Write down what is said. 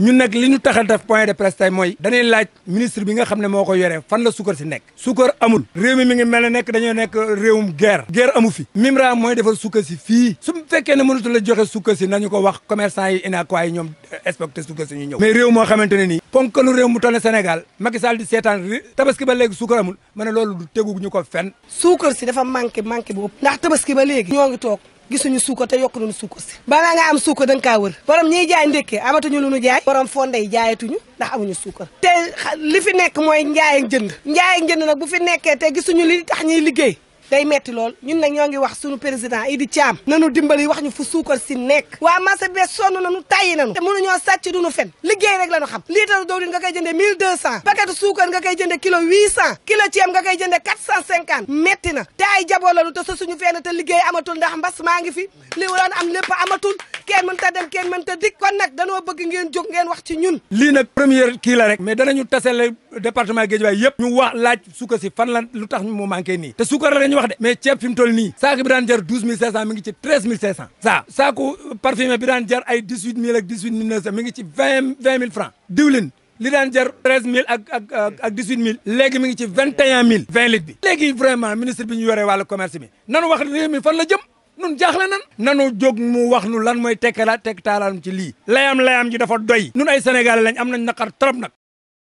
ñun nag li ñu tax a point de presse mooy dañuy laaj ministre bi nga xam ne moo ko yore fan la suukar si nekk suukar amul réew mi mi ngi mel ne nekk dañoo nekk réewum guerre geer amu fi Mimra mooy defar suukar si fii su fekkee ne mënatu la joxe suukar si nañu ko wax commerçant yi inakwa yi ñoom expecté suukar si ñu ñëw mais réew moo xamante ne nii ponkalu réew mu toll ne Sénégal Macky Sall di seetaan tabaski ba léegi suukar amul ma ne loolu du tegu ko fenn suukar si dafa manqué manqué bu ndax tabaski ba léegi ñoo ngi toog gisuñu suukar te yokk nañu suukar si balaa nga am suukar da nga war wër borom jaay ndékkee amatuñu lu ñu jaay borom fonde yi jaayatuñu ndax amuñu suukar te li fi nekk mooy njaay jënd njaay jënd nag bu fi nekkee te gisuñu li tax ñuy liggéey day metti lol ñun nak ñoo wax suñu président Idi Thiam nañu dimbali wax ñu fu suukar si nekk waa marché bee sonu nañu tayi nañu te ñoo sacc duñu fen liggey rek lañu xam litre doow nga kay jënde 1200 paquet suukar nga kay jënde kilo 800 kilo ceeb nga kay jënde 450 metti na tay jabo lañu te suñu fen te liggey amatul ndax mbass ma ngi fi li waroon am lepp amatul kene mën ta dem kene mën ta dik kon nak dañu bëgg ngeen jog ngeen wax ci ñun li nak premier ki la rek mais dañu tassel département Guédiawaye yépp ñu wax laaj suukar si fan la lutax mu manqué te suukar la mais chef fi mu toll nii saako 12 600 mi ngi ci 13 600 ça saako parfumé bi 18 000 18 900 mi ngi ci 20 20 000 francs diwlin li 13 000 ak ak 18 000 léegi mi ngi ci 21 000 20 litres bi léegi vraiment ministre bi ñu yore wàllu commerce bi nanu wax réew mi fan la jëm nun jaaxle nan nanu jóg mu wax nu lan mooy tekkalaat tekk taalaanu ci lii layam layam ji dafa doy nun ay sénégalais lañ am nañ naqar trop